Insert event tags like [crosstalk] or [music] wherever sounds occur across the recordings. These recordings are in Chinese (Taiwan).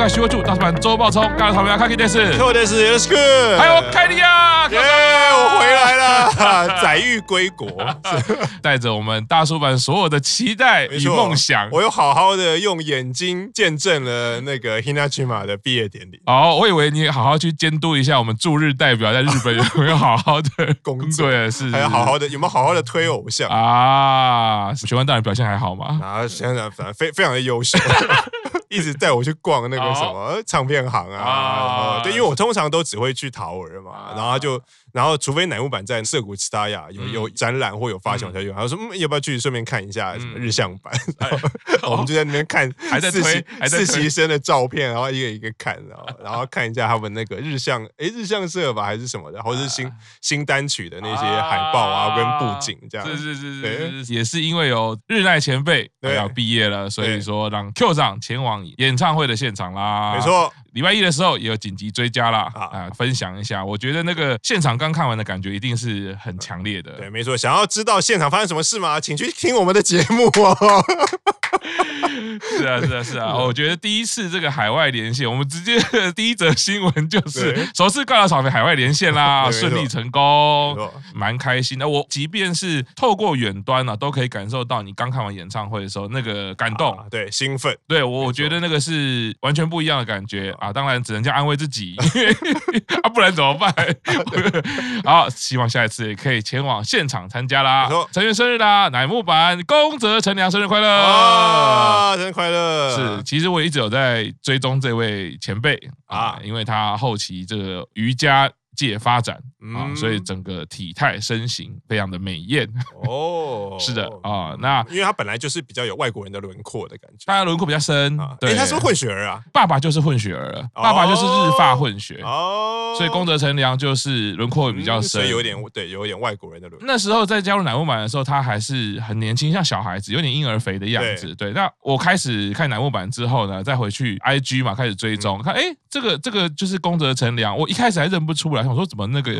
看《學住大叔坂》周報中，大家我們要看《視 t v s KTVS》也是酷，還有凱蒂啊，耶，我回來了，載譽歸國，帶着我們大叔坂所有的期待與夢錯想。我又好好的用眼睛見證了那個 Hinachima 的畢業典禮。哦，oh, 我以為你好好去監督一下我們駐日代表在日本有沒有好好的 [laughs] 工作， [laughs] 對，是、是，還有好好的有沒有好好的推偶像啊？學冠大、啊、大人表現還好嗎？啊，現在反正非非常的優秀。 [laughs] 一直帶我去逛那個什麼唱片行啊，對，因為我通常都只會去淘兒嘛，然後就，然後除非乃木坂在澀谷其他呀有有展覽或有發行，才就他說嗯，要不要去順便看一下什麼日向版？我們就在那邊看還在推實習生的照片，然後一個一個看，然後看一下他們那個日向誒，日向社吧還是什麼的，或者是新新單曲的那些海報啊跟布景這樣。是是是是，也是因為有日奈前輩要畢業了，所以說讓 Q 長前往。演唱會的現場啦，沒錯錯，禮拜一的時候也有緊急追加啦。啊、呃，分享一下，我覺得那個現場剛看完的感覺一定是很強烈的。對，沒錯，想要知道現場發生什麼事嗎？請去聽我們的節目哦。 [laughs] [laughs] 是啊，是啊，是啊，我覺得第一次這個海外連線，我們直接第一則新聞就是首次告到廠的草莓海外連線啦，對順利成功，錯錯蠻開心的。我即便是透過遠端啊，都可以感受到你剛看完演唱會的時候那個感動、啊，對，興奮，對我，我覺得那個是完全不一樣的感覺錯啊。當然只能叫安慰自己，因為 [laughs] [laughs] 啊，不然怎麼辦？啊、 [laughs] 好，希望下一次也可以前往現場參加啦。錯成員生日啦，乃木坂宮澤成良生日快樂。哦啊、哦，生日快樂！是，其實我一直有在追蹤這位前輩啊、呃，因為他後期這個瑜伽界發展啊，所以整個體態身形非常的美豔哦。 [laughs] 是的啊，那因為他本來就是比較有外國人的輪廓的感覺，他輪廓比較深。哎、啊，對欸、他是不是混血兒啊？爸爸就是混血兒，哦、爸爸就是日法混血哦。所以功德成良就是輪廓比較深，嗯、所以有點對，有點外國人的輪廓。那時候在加入乃木坂的時候，他還是很年輕，像小孩子，有點嬰兒肥的樣子。對，對，那我開始看乃木坂之後呢，再回去 I G 嘛，開始追蹤、嗯、看，哎、欸。這個這個就是宮澤成良，我一開始還認不出來，我說怎麼那個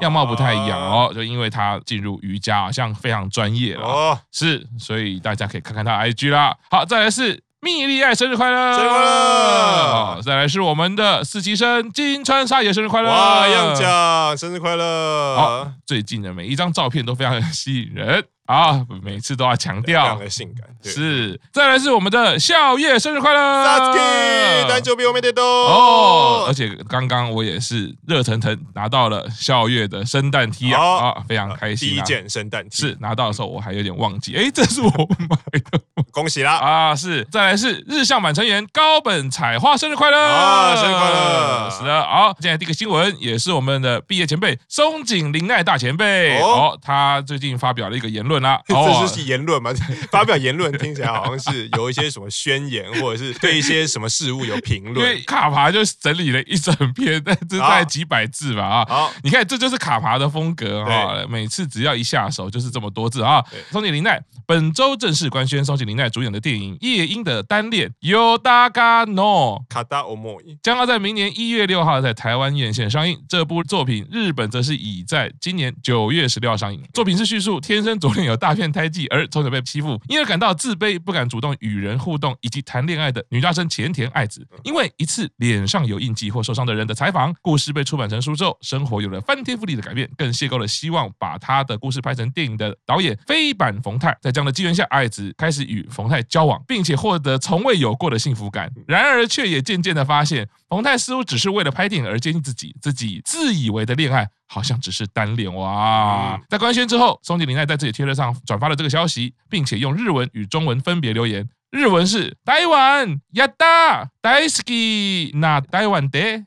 樣貌不太一樣哦，就因為他進入瑜伽，好像非常專業了，哦、是，所以大家可以看看他 I G 啦。好，再來是蜜莉愛生日快樂，生日快樂、哦！再來是我們的四期生金川紗耶生日快樂，哇，樣樣，生日快樂！好，最近的每一張照片都非常的吸引人。啊，每次都要強調。這樣的性感是，再來是我們的笑月生日快樂。Sasuke，單球比我們點多哦。而且剛剛我也是熱騰騰拿到了笑月的聖誕 T 啊，非常開心、啊。第一件聖誕 T，是拿到的時候我還有點忘記，誒、欸，這是我買的。 [laughs] 恭喜啦！啊，是，再來是日向坂成員高本彩花生日快樂！啊，生日快樂！是的，好，接下來第一個新聞也是我們的畢業前輩松井玲奈大前輩。好，他最近發表了一個言論啦。這是言論嘛。發表言論聽起來好像是有一些什麼宣言，或者是對一些什麼事物有評論。因為卡牌就整理了一整篇，這大概幾百字吧。啊，好，你看這就是卡牌的風格啊。每次只要一下手就是這麼多字啊。松井玲奈本週正式官宣松井玲奈主演的電影《夜鶯的單戀》ヨダカの、カタオモイ將要在明年一月六號在台灣院線上映。這部作品日本則是已在今年九月十六號上映。作品是敘述天生左臉有大片胎記而從小被欺負，因而感到自卑，不敢主動與人互動以及談戀愛的女大生前田愛子。因為一次臉上有印記或受傷的人的採訪，故事被出版成書之後，生活有了翻天覆地的改變，更邂逅了希望把他的故事拍成電影的導演飛坂逢太。在這樣的機緣下，愛子開始與馮太交往，並且獲得從未有過的幸福感。然而，卻也漸漸的發現，馮太似乎只是為了拍電影而接近自己，自己自以為的戀愛，好像只是單戀哇！嗯、在官宣之後，松井玲奈在自己推特上轉發了這個消息，並且用日文與中文分別留言。日文是“台灣”，やった，大好き，那台灣的，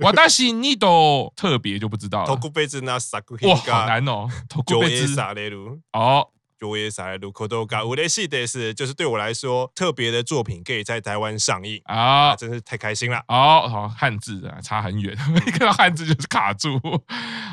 我擔心你多特別就不知道了。頭那啥？哇，好難哦！頭骨杯子啥來路？ [laughs] 哦。《U.S.I.Lucodoga》《u s i d s 就是對我來說特別的作品，可以在台灣上映啊，oh, 真是太開心了！哦，oh, oh, 漢字啊，差很遠， [laughs] 一看到漢字就是卡住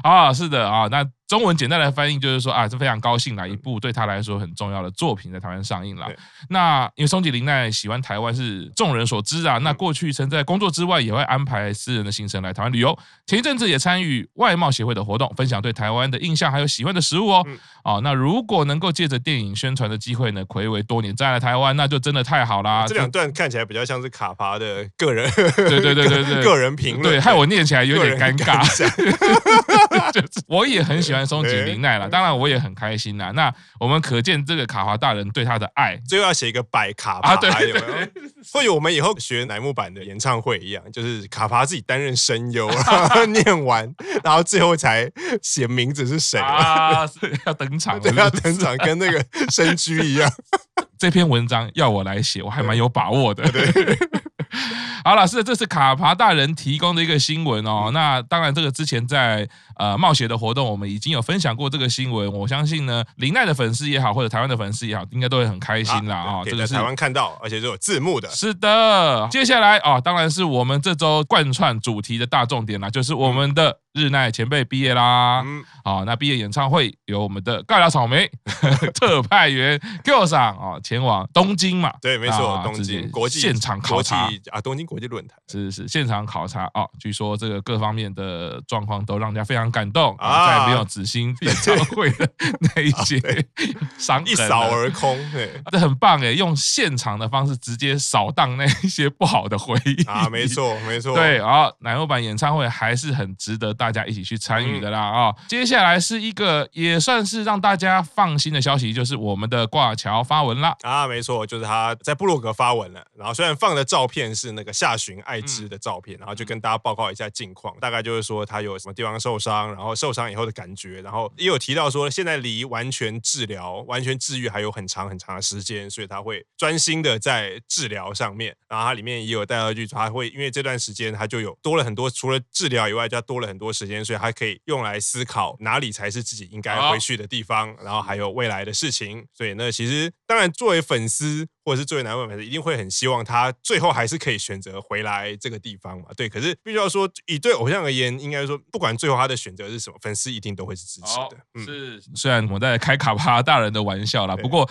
啊，oh, 是的啊，oh, 那。中文簡單的翻譯就是說啊，這非常高興哪一部對他來說很重要的作品在台灣上映了。對那因為松井玲奈喜歡台灣是眾人所知啊。那過去曾在工作之外也會安排私人的行程來台灣旅遊。前一陣子也參與外貿協會的活動，分享對台灣的印象還有喜歡的食物哦。嗯、哦，那如果能夠借着電影宣傳的機會呢，暌違多年再來台灣，那就真的太好啦。這兩段看起來比較像是卡巴的個人，對,對對對對對，個人評論對，害我念起來有點尷尬。尷尬 [laughs] 我也很喜歡。松井玲奈了，當然我也很開心啦、啊。那我們可見這個卡帕大人對他的愛，最後要寫一個拜卡帕、啊？對，所以我們以後學乃木坂的演唱會一樣，就是卡帕自己擔任聲優， [laughs] 念完，然後最後才寫名字是誰啊？對要登場是是，要登場，跟那個聲居一樣。這篇文章要我來寫，我還蠻有把握的。對，對對好了，是這是卡帕大人提供的一個新聞哦。嗯、那當然，這個之前在。呃，冒險的活動，我們已經有分享過這個新聞。我相信呢，林奈的粉絲也好，或者台灣的粉絲也好，應該都會很開心啦啊！這個是台灣看到，而且是有字幕的。是的，接下來啊，當然是我們這周貫穿主題的大重點啦，就是我們的日奈前輩畢業啦。嗯，好，那畢業演唱會由我們的蓋拉草莓特派員 Q 上啊，前往東京嘛？對，沒錯，東京國際現場考察啊，東京國際論壇是是現場考察啊，據說這個各方面的狀況都讓大家非常。感動，啊，再沒有紫心演唱會的那一些對、啊、傷一掃而空，對，這很棒哎！用現場的方式直接掃蕩那一些不好的回憶啊，沒錯，沒錯，對。然後乃木坂演唱會還是很值得大家一起去參與的啦啊、嗯哦！接下來是一個也算是讓大家放心的消息，就是我們的掛橋發文了啊，沒錯，就是他在部落格發文了，然後雖然放的照片是那個下旬愛知的照片，嗯、然後就跟大家報告一下近況，嗯、大概就是說他有什麼地方受傷。然後受傷以後的感覺，然後也有提到說，現在離完全治療、完全治愈還有很長很長的時間，所以他會專心的在治療上面。然後他裡面也有帶了一句，他會因為這段時間他就有多了很多，除了治療以外，就多了很多時間，所以他可以用來思考哪裡才是自己應該回去的地方，然後還有未來的事情。所以呢，其實當然作為粉絲。或者是作為男朋友還是一定會很希望他最後還是可以選擇回來這個地方嘛？對，可是必須要說，以對偶像而言，應該說不管最後他的選擇是什麼，粉絲一定都會是支持的。哦嗯、是，雖然我在開卡巴大人的玩笑啦，對 不過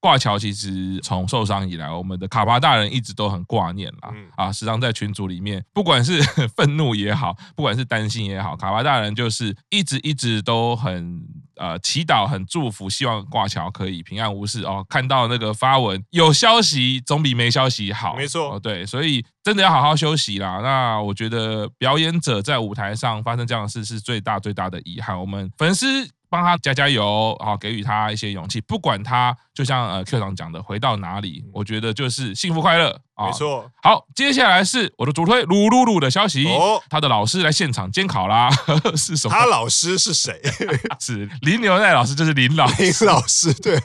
掛橋其實從受傷以來，我們的卡巴大人一直都很掛念啦。啊，嗯、時常在群組裡面，不管是憤怒也好，不管是擔心也好，卡巴大人就是一直一直都很。呃，祈禱很祝福，希望掛橋可以平安無事哦。看到那個發文，有消息總比沒消息好，沒錯、哦、對，所以真的要好好休息啦。那我覺得表演者在舞台上發生這樣的事是最大最大的遺憾。我們粉絲幫他加加油，好、哦、給予他一些勇氣。不管他就像呃 Q 長講的，回到哪裡，我覺得就是幸福快樂。哦、沒錯，好，接下來是我的主推魯魯魯的消息。哦，他的老師來現場監考啦， [laughs] 是什麼？他老師是誰？ [laughs] 是林牛奶老師，就是林老師 [laughs] 林老師。對啊，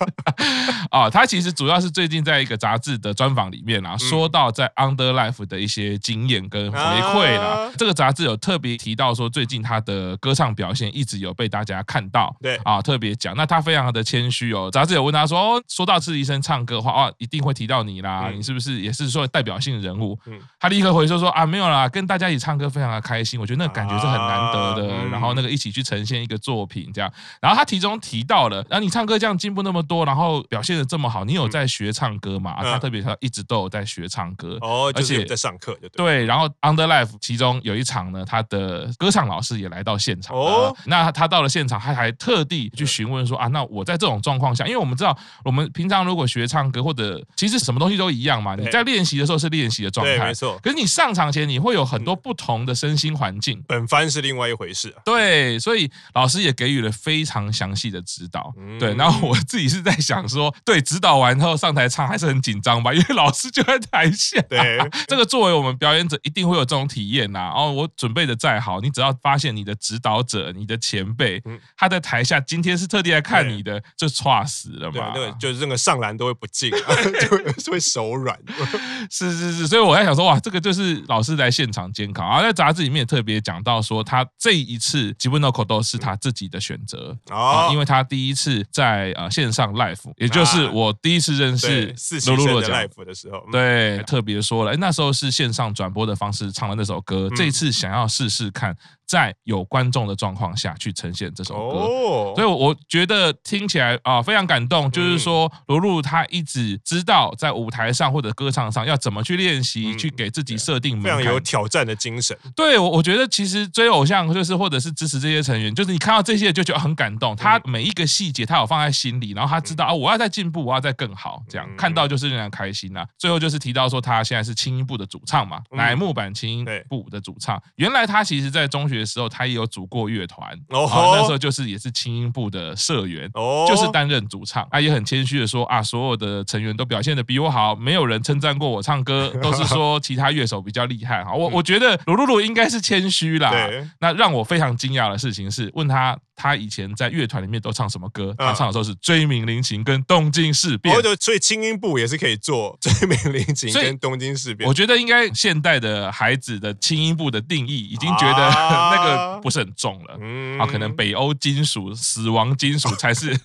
哦、他其實主要是最近在一個雜誌的專訪裡面啊，嗯、說到在 Underlife 的一些經驗跟回饋啦。啊、這個雜誌有特別提到說，最近他的歌唱表現一直有被大家看到。對啊，哦、特別講，那他非常的謙虛哦。雜誌有問他說、哦，說到自醫生唱歌的話，哦，一定會提到你啦。嗯、你是不是也是說？為代表性人物，嗯、他立刻回說：“說啊，沒有啦，跟大家一起唱歌非常的開心，我覺得那感覺是很難得的。啊嗯、然後那個一起去呈現一個作品這樣。然後他其中提到了，然、啊、後你唱歌這樣進步那麼多，然後表現得這麼好，你有在學唱歌嗎、嗯啊、他特別他一直都有在學唱歌，哦，而、就、且、是、在上課對。對，然後 Underlife 其中有一場呢，他的歌唱老師也來到現場。哦，那他到了現場，他還特地去詢問說：對啊，那我在這種狀況下，因為我們知道我們平常如果學唱歌，或者其實什麼東西都一樣嘛，你在練習。”習的時候是練習的狀態，沒錯。可是你上場前，你會有很多不同的身心環境。本番是另外一回事，對，所以老師也給予了非常詳細的指導，嗯、對。然後我自己是在想說，對，指導完後上台唱還是很緊張吧？因為老師就在台下，對、啊。這個作為我們表演者，一定會有這種體驗吶、啊。然、哦、我准備的再好，你只要發現你的指導者、你的前輩，嗯、他在台下今天是特地來看你的，對就垮死了嘛。對，就是那個上籃都會不進、啊，就 [laughs] [laughs] 會手軟軟。 [laughs] 是是是，所以我在想說，哇，這個就是老師來現場監考，然後在雜誌裡面也特別講到說，他這一次基本口都是他自己的選擇哦、啊，因為他第一次在啊、呃、線上 live，也就是我第一次認識羅露、啊、的 live 的時候，露露嗯、對，特別說了、欸，那時候是線上轉播的方式唱了那首歌，嗯、這一次想要試試看在有觀眾的狀況下去呈現這首歌，哦、所以我覺得聽起來啊、呃、非常感動，就是說羅露他一直知道在舞台上或者歌唱上。要怎麼去練習？嗯、去給自己設定門檻。非常有挑戰的精神。對，我我覺得其實追偶像就是，或者是支持這些成員，就是你看到這些就覺得很感動。嗯、他每一個細節，他有放在心裡，然後他知道啊、嗯哦，我要再進步，我要再更好。這樣、嗯、看到就是讓人開心吶、啊。最後就是提到說，他現在是輕音部的主唱嘛，乃、嗯、木坂輕音部的主唱。嗯、原來他其實在中學的時候，他也有組過樂團哦、啊，那時候就是也是輕音部的社員哦，就是擔任主唱。他也很謙虛的說啊，所有的成員都表現得比我好，沒有人稱讚過我。我唱歌都是說其他樂手比較厲害哈， [laughs] 我我覺得魯魯魯應該是謙虛啦。對那讓我非常驚訝的事情是，問他。他以前在樂團裡面都唱什麼歌？嗯、他唱的時候是《椎名林檎》跟《東京事變》。我所以輕音部也是可以做《椎名林檎》跟《東京事變》以。我覺得應該現代的孩子的輕音部的定義已經覺得、啊、那個不是很重了嗯。啊，可能北歐金屬、死亡金屬才是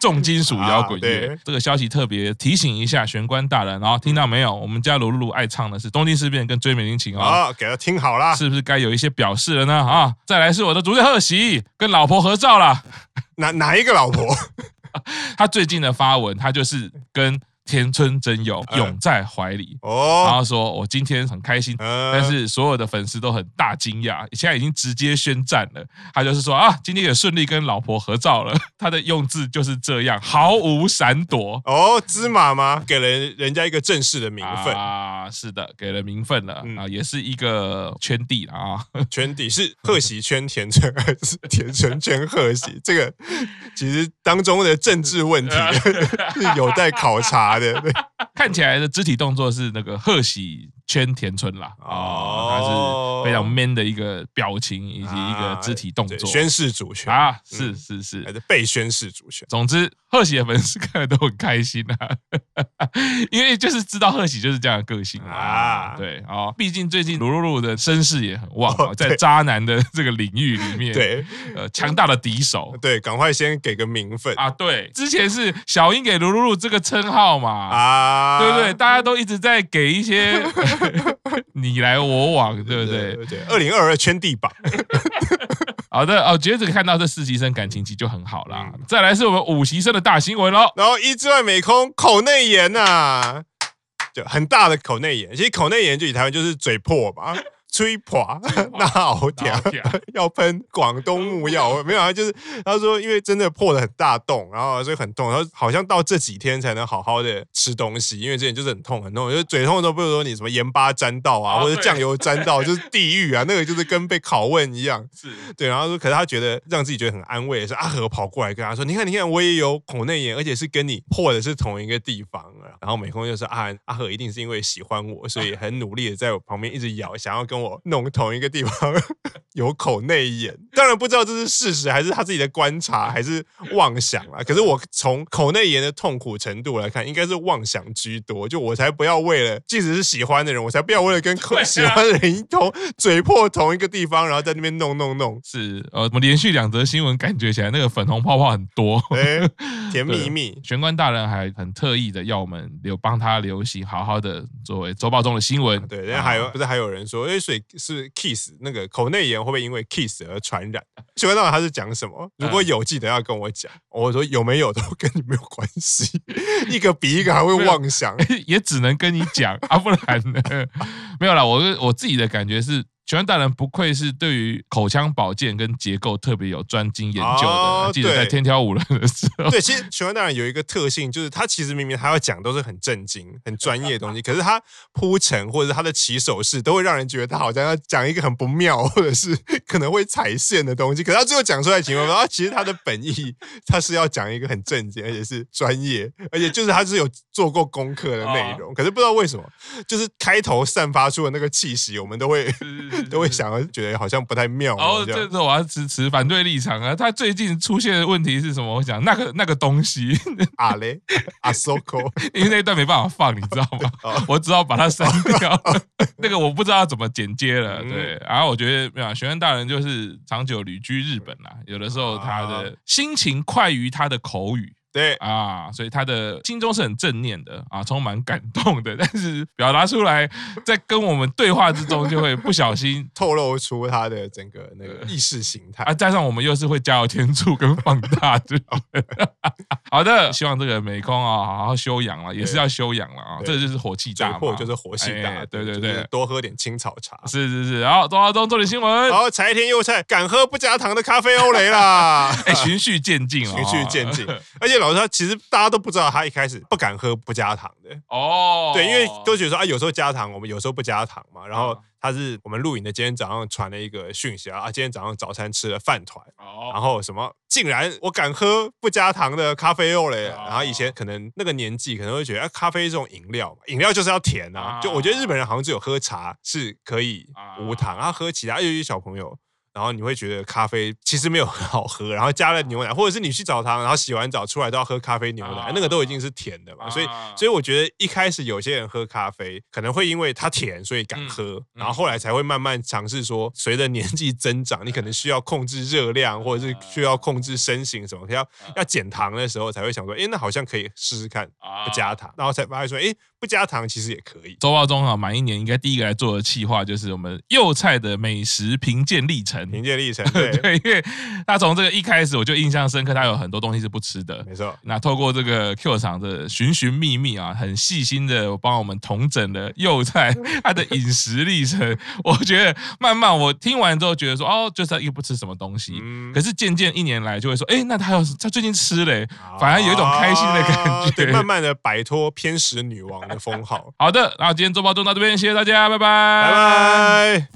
重金屬搖滾樂。啊、這個消息特別提醒一下玄關大人，然後聽到沒有？我們家露露愛唱的是《東京事變》跟《椎名林檎》啊，給他聽好了，是不是該有一些表示了呢？啊，再來是我的竹葉賀喜跟老婆。合照了，哪哪一個老婆？ [laughs] 他最近的發文，他就是跟田村真友擁、呃、在懷裡，哦、然後說我今天很開心，呃、但是所有的粉絲都很大驚訝，現在已經直接宣戰了。他就是說啊，今天也順利跟老婆合照了。他的用字就是這樣，毫無閃躲。哦，芝麻嗎？給了人家一個正式的名分啊，是的，給了名分了、嗯、啊，也是一個圈地啊、哦，圈地是賀喜圈田村還是田村圈賀喜？ [laughs] 這個其實當中的政治問題是 [laughs] 有待考察。 [laughs] [laughs] 對對對 [laughs] 看起來的肢體動作是那個賀喜圈田村啦，啊、oh. 嗯，他是。非常 man 的一個表情以及一個肢體動作，啊、宣示主權啊！是是是，是還是被宣示主權？總之，賀喜的粉絲看了都很開心啊， [laughs] 因為就是知道賀喜就是這樣的個性嘛啊。對啊、哦，畢竟最近盧露露的聲勢也很旺，哦、在渣男的這個領域裡面，對呃，強大的敵手，對，趕快先給個名分啊！對，之前是小英給盧露露這個稱號嘛啊，對不對？大家都一直在給一些 [laughs] 你來我往，對不對？對不對？二零二二圈地榜， [laughs] [laughs] 好的哦，絕對看到這四期生感情戲就很好啦。再來是我們五期生的大新聞嘍。然後一之外美空口內炎吶、啊，就很大的口內炎。其實口內炎就以台灣就是嘴破吧。 [laughs] 吹垮，那好疼，好 [laughs] 要噴廣東苜藥。 [laughs] 沒有，啊，就是他說，因為真的破了很大洞，然後所以很痛，然後好像到這幾天才能好好的吃東西，因為之前就是很痛很痛，就是嘴痛的時候，不是說你什麼鹽巴沾到啊，啊或者醬油沾到，對就是地獄啊， [laughs] 那個就是跟被拷問一樣。是對，然後說，可是他覺得讓自己覺得很安慰的是，阿和跑過來跟他說：“你看，你看，我也有口內炎，而且是跟你破的是同一個地方。”啊。然後美空就說：“啊，阿和一定是因為喜歡我，所以很努力的在我旁邊一直咬，想要跟我。”弄同一個地方。 [laughs] 有口內炎，當然不知道這是事實還是他自己的觀察還是妄想啊，可是我從口內炎的痛苦程度來看，應該是妄想居多。就我才不要為了即使是喜歡的人，我才不要為了跟口、啊、喜歡的人一同嘴破同一個地方，然後在那邊弄弄弄。是呃，我們連續兩則新聞，感覺起來那個粉紅泡泡很多，甜蜜蜜。玄關大人還很特意的要我們留幫他留心，好好的作為週報中的新聞、啊。對，人家還有、啊、不是還有人說，因為水是，是 kiss 那個口內炎。會不會因為 kiss 而傳染？請問到底他，他是講什麼？如果有，記得要跟我講。我說有沒有都跟你沒有關係，一個比一個還會妄想，啊欸、也只能跟你講 [laughs] 啊，不然呢？沒有啦，我我自己的感覺是。全安大人不愧是對於口腔保健跟結構特別有專精研究的，哦，對，記得在天挑五輪的時候，對，其實全安大人有一個特性，就是他其實明明他要講都是很正經、很專業的東西，對可是他鋪陳或者是他的起手式都會讓人覺得他好像要講一個很不妙或者是可能會踩線的東西。可是他最後講出來的情況，然後 [laughs] 其實他的本意他是要講一個很正經，而且是專業，而且就是他是有做過功課的內容。哦，可是不知道為什麼，就是開頭散發出的那個氣息，我們都會。是是是都會想覺得好像不太妙。然後這次我要支持反對立場啊！他最近出現的問題是什麼？我想那個那個東西，啊嘞，啊，so c o 索科，因為那段沒辦法放，你知道嗎？我只好把它刪掉。那個我不知道怎麼剪接了。對，然後我覺得啊，玄幻大人就是長久旅居日本啦，有的時候他的心情快於他的口語。對。啊，所以他的心中是很正念的啊，充滿感動的，但是表達出來，在跟我們對話之中，就會不小心 [laughs] 透露出他的整個那個意識形態啊。加上我們又是會加油添醋跟放大的， [laughs] 好的，希望這個美空啊、哦，好好休養了，也是要休養了啊。這個、就是火氣大嘛，就是火氣大，對對對，多喝點青草茶，是是是，好，後多中，中做點新聞，好，柴田又菜，敢喝不加糖的咖啡歐蕾啦。哎、 [laughs] 欸，循序漸進哦，循序漸進，而且老。我說，其實大家都不知道，他一開始不敢喝不加糖的。哦，對，因為都覺得說啊，有時候加糖，我們有時候不加糖嘛。然後他是我們錄影的今天早上傳了一個訊息啊，啊，今天早上早餐吃了飯糰，然後什麼，竟然我敢喝不加糖的咖啡肉嘞。然後以前可能那個年紀可能會覺得，啊，咖啡是這種飲料，飲料就是要甜啊。就我覺得日本人好像只有喝茶是可以無糖，啊喝其他，有些小朋友。然後你會覺得咖啡其實沒有很好喝，然後加了牛奶，或者是你去澡堂，然後洗完澡出來都要喝咖啡牛奶，那個都已經是甜的嘛，所以所以我覺得一開始有些人喝咖啡可能會因為它甜所以敢喝，嗯嗯、然後後來才會慢慢嘗試說，隨着年紀增長，你可能需要控制熱量，或者是需要控制身形什麼，要要減糖的時候才會想說，哎，那好像可以試試看不加糖，然後才發現說，哎。不加糖其實也可以。週報中啊，滿一年應該第一個來做的企劃就是我們幼菜的美食評鑑歷程。評鑑歷程，對， [laughs] 對因為他從這個一開始我就印象深刻，他有很多東西是不吃的。沒錯錯。那透過這個 Q 廠的尋尋覓覓啊，很細心的幫我，我們同整了幼菜他的飲食歷程， [laughs] 我覺得慢慢我聽完之後覺得說哦，就是他又不吃什麼東西。嗯、可是漸漸一年來就會說，哎、欸，那他有他最近吃了，啊、反而有一種開心的感覺，對，慢慢的擺脫偏食女王。 [laughs] 的封號， [laughs] 好的，那今天週報就到這邊，謝謝大家，拜拜，拜拜。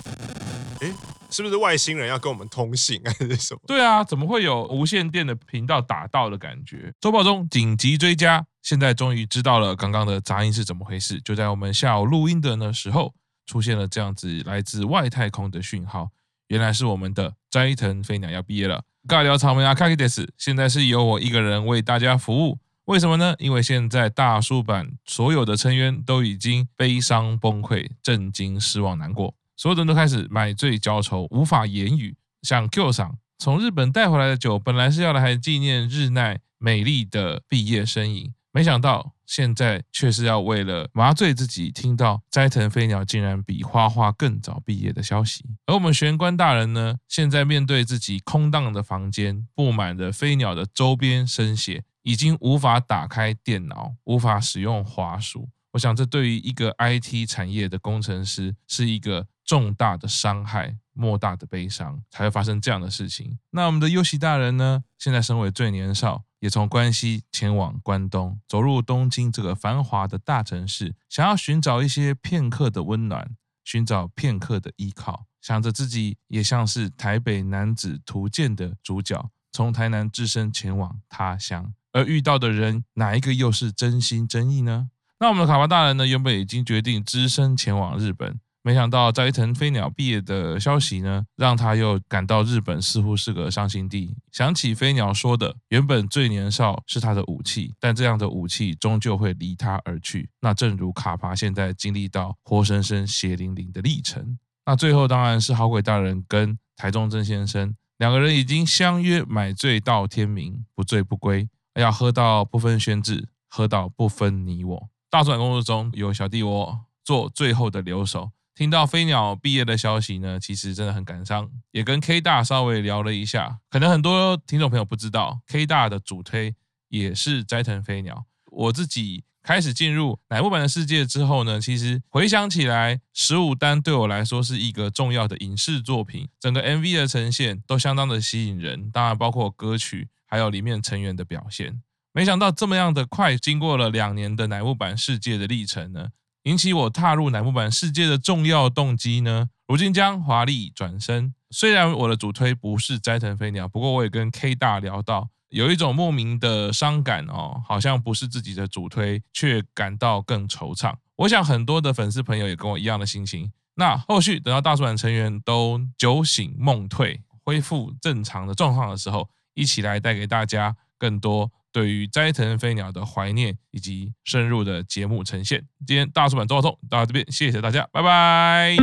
誒，是不是外星人要跟我們通信還是什麼？對啊，怎麼會有無線電的頻道打到的感覺？週報中緊急追加，現在終於知道了剛剛的雜音是怎麼回事。就在我們下午錄音的那時候，出現了這樣子來自外太空的訊號。原來是我們的齋藤飛鳥要畢業了，尬聊草莓阿卡迪斯，現在是由我一個人為大家服務。為什麼呢？因為現在大叔坂所有的成員都已經悲傷崩潰、震驚、失望、難過，所有人都開始買醉澆愁，無法言語。像 Q 桑從日本帶回來的酒，本來是要來紀念日奈美麗的畢業身影，沒想到現在卻是要為了麻醉自己，聽到齋藤飛鳥竟然比花花更早畢業的消息。而我們玄關大人呢，現在面對自己空蕩的房間，布滿了飛鳥的周邊生寫。已經無法打開電腦，無法使用滑鼠。我想，這對於一個 IT 產業的工程師是一個重大的傷害，莫大的悲傷才會發生這樣的事情。那我們的優喜大人呢？現在身為最年少，也從關西前往關東，走入東京這個繁華的大城市，想要尋找一些片刻的溫暖，尋找片刻的依靠，想着自己也像是台北男子圖鑑的主角，從台南隻身前往他鄉。而遇到的人哪一個又是真心真意呢？那我們的卡帕大人呢？原本已經決定只身前往日本，沒想到齋藤飛鳥畢業的消息呢，讓他又感到日本似乎是個傷心地。想起飛鳥說的，原本最年少是他的武器，但這樣的武器終究會離他而去。那正如卡帕現在經歷到活生生、血淋淋的歷程。那最後當然是好鬼大人跟台中鄭先生兩個人已經相約買醉到天明，不醉不歸。哎呀，要喝到不分宣制，喝到不分你我。大轉工作中有小弟我做最後的留守。聽到飛鳥畢業的消息呢，其實真的很感傷。也跟 K 大稍微聊了一下，可能很多聽眾朋友不知道，K 大的主推也是齋藤飛鳥。我自己開始進入乃木坂的世界之後呢，其實回想起來，十五單對我來說是一個重要的影視作品，整個 MV 的呈現都相當的吸引人，當然包括歌曲。還有裡面成員的表現，沒想到這麼樣的快，經過了兩年的乃木坂世界的歷程呢，引起我踏入乃木坂世界的重要動機呢，如今將華麗轉身。雖然我的主推不是齋藤飛鳥，不過我也跟 K 大聊到，有一種莫名的傷感哦，好像不是自己的主推，卻感到更惆悵。我想很多的粉絲朋友也跟我一樣的心情。那後續等到大叔坂成員都酒醒夢退，恢復正常的狀況的時候，一起來帶給大家更多對於齋藤飛鳥的懷念以及深入的節目呈現。今天大叔坂周報中到這邊，謝謝大家，拜拜。